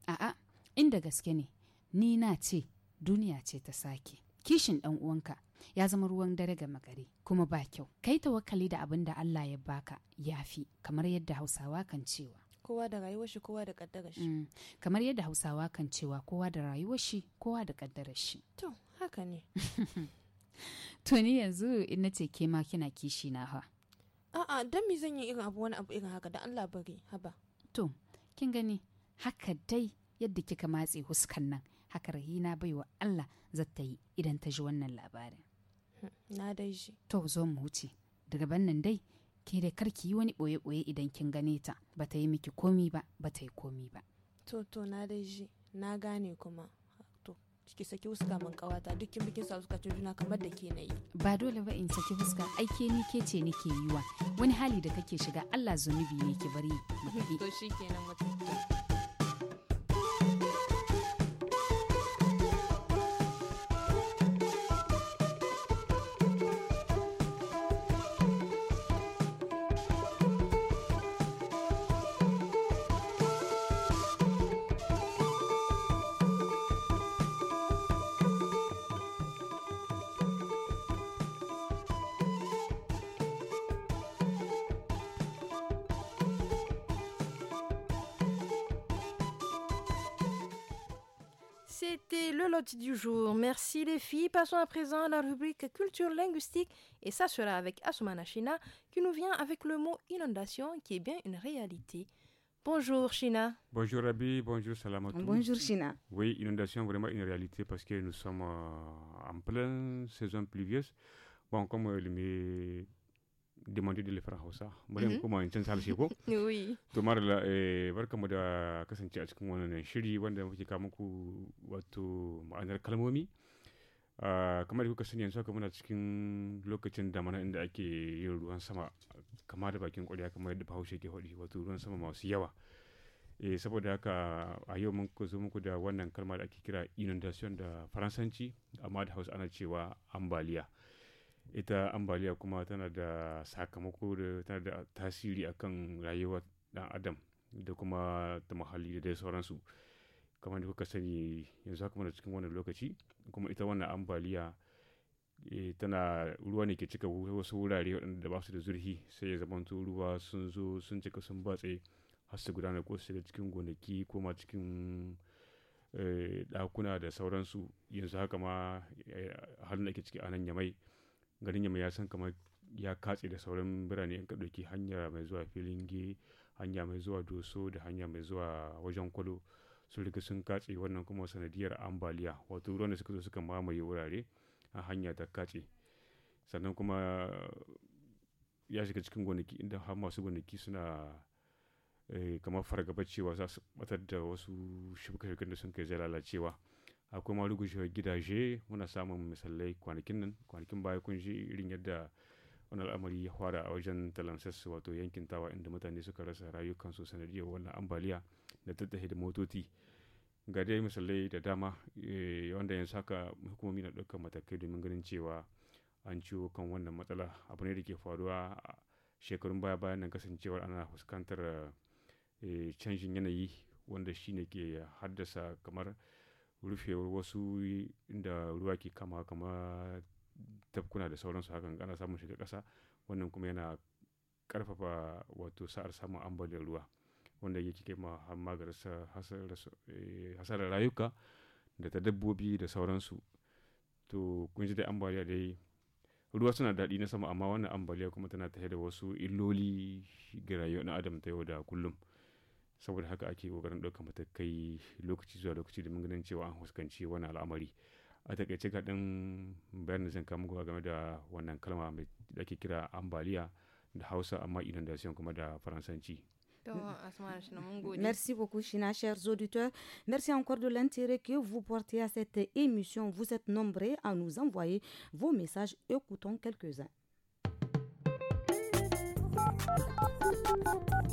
a'a inda gaske ne ni na ce duniya ce ta sake kishin dan uwanka ya zama ruwan dare ga makare kuma ba kyau kai tawakkali da abin da Allah ya baka yafi kamar yadda Hausawa kan cewa kowa da rayuwar shi kowa da kaddarar shi mm. kamar yadda Hausawa kan cewa kowa da rayuwar shi kowa da kaddarar shi to haka ne [LAUGHS] to ni yanzu in nace ke ma kina kishi na ha a'a dan me zan yi irin abu wani abu irin haka da Allah bari haba to kin gani haka dai yadda kika matse huskan nan haka rahina baiwa Allah zata yi idan ta ji wannan labarin Hmm, na dai shi to zo mu wuce daga bannan dai ke kar karki yi wani boye-boye idan kin gane ta ba ta yi miki komi ba ba ta yi komi ba to to na dai shi na gane kuma to ki saki fuska mun kawata dukkin bikin sa suka juna kamar da ke na yi ba dole ba in saki fuska aike ni ke ce nake yi wa wani hali da kake shiga Allah zunubi ne ki bari mu [LAUGHS] to shikenan mutum du jour. Merci les filles. Passons à présent à la rubrique culture linguistique et ça sera avec Asumana China qui nous vient avec le mot inondation qui est bien une réalité. Bonjour China. Bonjour Rabi, bonjour Salamatou. Bonjour China. Oui, inondation vraiment une réalité parce que nous sommes euh, en pleine saison pluvieuse. Bon, comme euh, le demander de lafiyar hausa bari mu koma wancan harshe ko to marala da kasance a cikin wannan shiri wanda muke kawo muku wato ma'anar kalmomi ah, kamar da kuka sani yanzu muna cikin lokacin damana inda ake yin ruwan sama kama da bakin kwarya kamar yadda bahaushe ke faɗi wato ruwan sama masu yawa eh saboda haka a ah, yau mun zo muku da wannan kalma da ake kira inundation da faransanci amma da hausa ana cewa ambaliya ita ambaliya kuma tana da sakamako da tana da tasiri akan rayuwar dan adam da kuma ta muhalli da dai sauransu kamar da kuka sani yanzu haka mana cikin wannan lokaci kuma ita wannan ambaliya eh, tana ruwa ne ke cika wasu wurare waɗanda ba su da zurfi sai ya zamanto ruwa sun zo sun cika sun batse har su gudana ko su cikin gonaki ko ma cikin eh, ɗakuna da sauransu yanzu haka ma eh, halin da ke ciki a nan yamai garin yamma ya san kamar ya katse da sauran birane in ka hanya mai zuwa filin ge hanya mai zuwa doso da hanya mai zuwa wajen kwalo sun riga sun katse wannan kuma sanadiyar ambaliya wato ruwan da suka zo suka mamaye wurare a hanya ta katse sannan kuma ya shiga cikin gonaki inda har masu gonaki suna eh, kamar fargaba cewa za su batar da wasu shuke-shuken da sun kai zai lalacewa akwai ma rugushewar gidaje muna samun misalai kwanakin nan kwanakin baya kun ji irin yadda wani al'amari ya fara a wajen talamsas wato yankin tawa inda mutane suka rasa rayukansu sanadiyar wannan ambaliya da tattahe da motoci ga dai misalai da dama eh, wanda yanzu haka hukumomi na ɗaukar matakai domin ganin cewa an ciwo kan wannan matsala abu ne da ke faruwa shekarun baya bayan nan kasancewar ana fuskantar eh, canjin yanayi wanda shine ke haddasa kamar rufewar wasu inda ruwa ke kama kama tafkuna da sauransu hakan ana samun shiga ƙasa wannan kuma yana ƙarfafa wato sa'ar samun ambaliyar ruwa wanda yake kai ma ga eh, hasarar rayuka da ta dabbobi da sauransu to kun ji da ambaliya dai ruwa suna daɗi na sama amma wannan ambaliya kuma tana tare da wasu illoli ga rayuwar adam ta yau da kullum saboda haka ake kokarin ɗaukar matakai lokaci zuwa lokaci domin ganin cewa an huskanci wani al'amari a takaice ga ɗin bayanin zan kama gowa game da wannan kalma mai ake kira ambaliya da hausa amma idan da inundation kuma da faransanci Merci beaucoup, China, chers auditeurs. Merci encore de l'intérêt que vous portez à cette émission. Vous êtes nombreux à nous envoyer vos messages. Écoutons quelques-uns.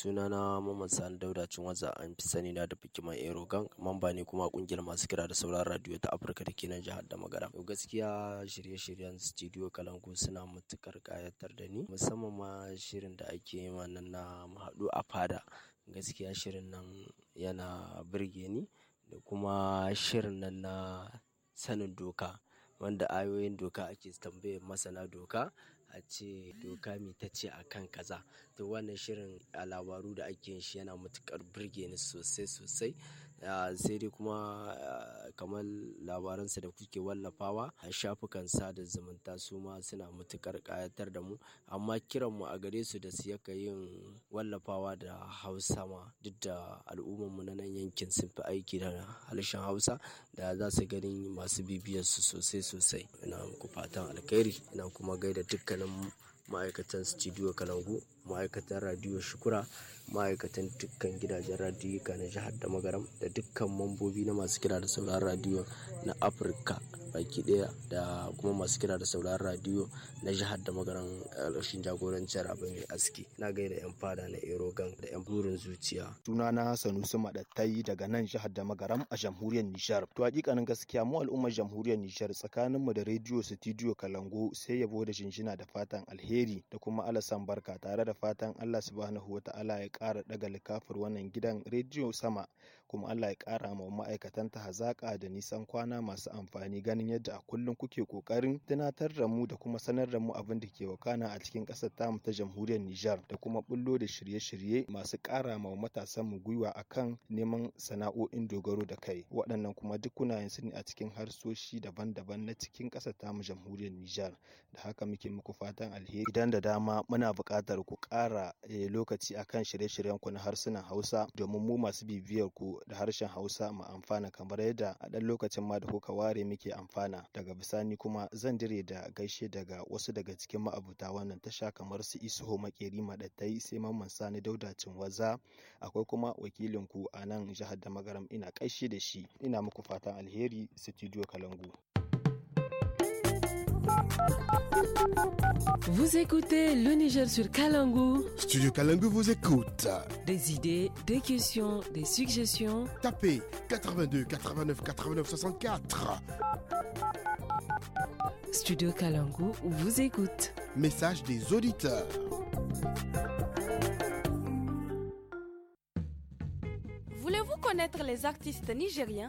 sunana Muhammad Sani Dauda Cinwaza an fi sani na da fikiman Erogan mamba ne kuma kungiyar masu kira da sauran radio ta Afirka da ke nan jihar da Magara. To gaskiya shirye-shiryen studio Kalangu suna matukar kayatar da ni musamman ma shirin da ake yi nan na haɗu a fada gaskiya shirin nan yana birge ni da kuma shirin nan na sanin doka wanda ayoyin doka ake tambayar masana doka a ce doka me ta ce a kan kaza. To wannan shirin a labaru da ake yin shi yana matukar burge ni sosai sosai Ah, sai dai kuma ah, kamar labaransa da kuke wallafawa a shafukan sada zumunta su ma suna matukar kayatar da mu amma kiran mu a gare su da su yaka yin wallafawa da hausa ma duk da al'ummar mu na nan yankin sun fi aiki da harshen hausa da za su ganin masu bibiyar su sosai sosai ina ku fatan alkhairi ina kuma gaida dukkanin ma'aikatan Studio Kalangu, ma'aikatan radio Shukura, ma'aikatan dukkan gidajen radio na jihar da magaram da dukkan mambobi na masu kira da sauran radio na Afirka. baki ɗaya da kuma masu kira da sauraron radiyo na jihar da magaran eh, rashin jagorancin rabin mai aski na gaida yan fada na erogan da yan burin zuciya sunana sanusi madattai daga nan jihar da magaran a jamhuriyar nijar to hakikanin gaskiya mu al'ummar jamhuriyar nijar tsakanin mu da rediyo studio kalango sai yabo da shinshina da fatan alheri da kuma alasan barka tare da fatan allah subhanahu wata'ala ya kara daga likafar wannan gidan rediyo sama kuma allah ya kara ma ma'aikatan ta hazaka da nisan kwana masu amfani ganin ganin yadda a kullum kuke kokarin tunatar da mu da kuma sanar da mu abin da ke wakana a cikin ƙasar tamu ta jamhuriyar Nijar da kuma bullo da shirye-shirye masu ƙara ma matasan mu gwiwa akan neman sana'o'in dogaro da kai waɗannan kuma duk kuna yin su ne a cikin harsoshi daban-daban na cikin ƙasar tamu jamhuriyar Nijar da haka muke muku fatan alheri idan da dama muna buƙatar ku ƙara eh, lokaci akan shirye-shiryen ku na harsunan Hausa domin mu masu bibiyar ku da harshen Hausa mu amfana kamar yadda a ɗan lokacin ma da kuka ware muke amfana amfana daga bisani kuma zan dire da gaishe daga wasu daga cikin ma'abuta wannan tasha kamar su isuho makeri madattai sai mamman sani daudacin waza akwai kuma wakilin ku a nan jihar da magaram ina kaishe da shi ina muku fatan alheri studio kalangu Vous écoutez le Niger sur Kalangu. Studio Kalangu vous écoute. Des idées, des questions, des suggestions. Tapez 82 89 89 64. Studio Kalangu vous écoute. Message des auditeurs. Voulez-vous connaître les artistes nigériens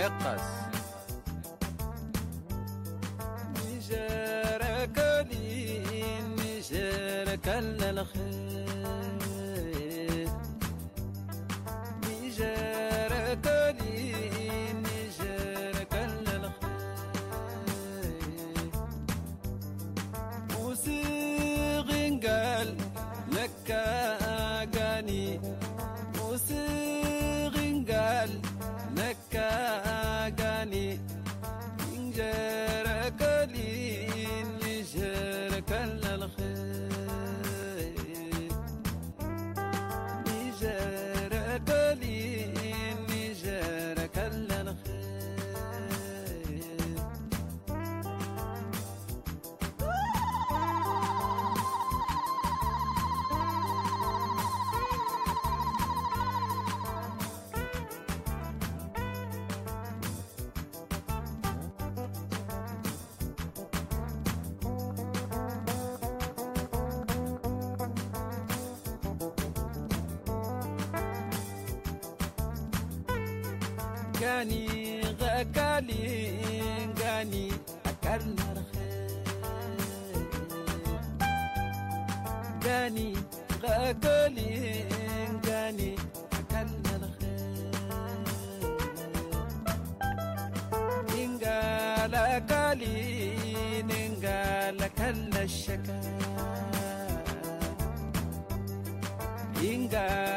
اقص نجارك لي نجارك للخير كل الشكا ينقال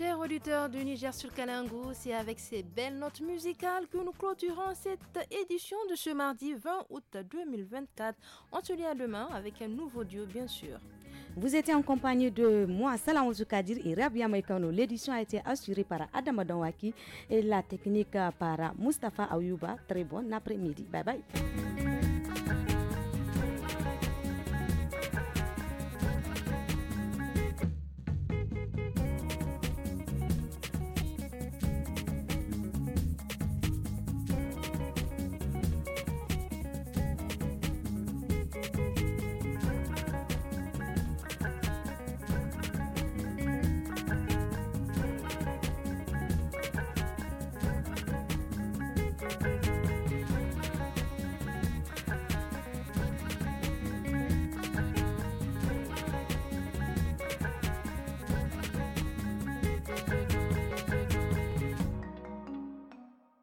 Chers auditeurs du Niger sur Kalangu, c'est avec ces belles notes musicales que nous clôturons cette édition de ce mardi 20 août 2024. On se lit demain avec un nouveau duo bien sûr. Vous étiez en compagnie de moi, Salam Kadir et Rabia Mekano. L'édition a été assurée par Adam Donwaki et la technique par Mustafa Aouyouba. Très bon après-midi. Bye bye.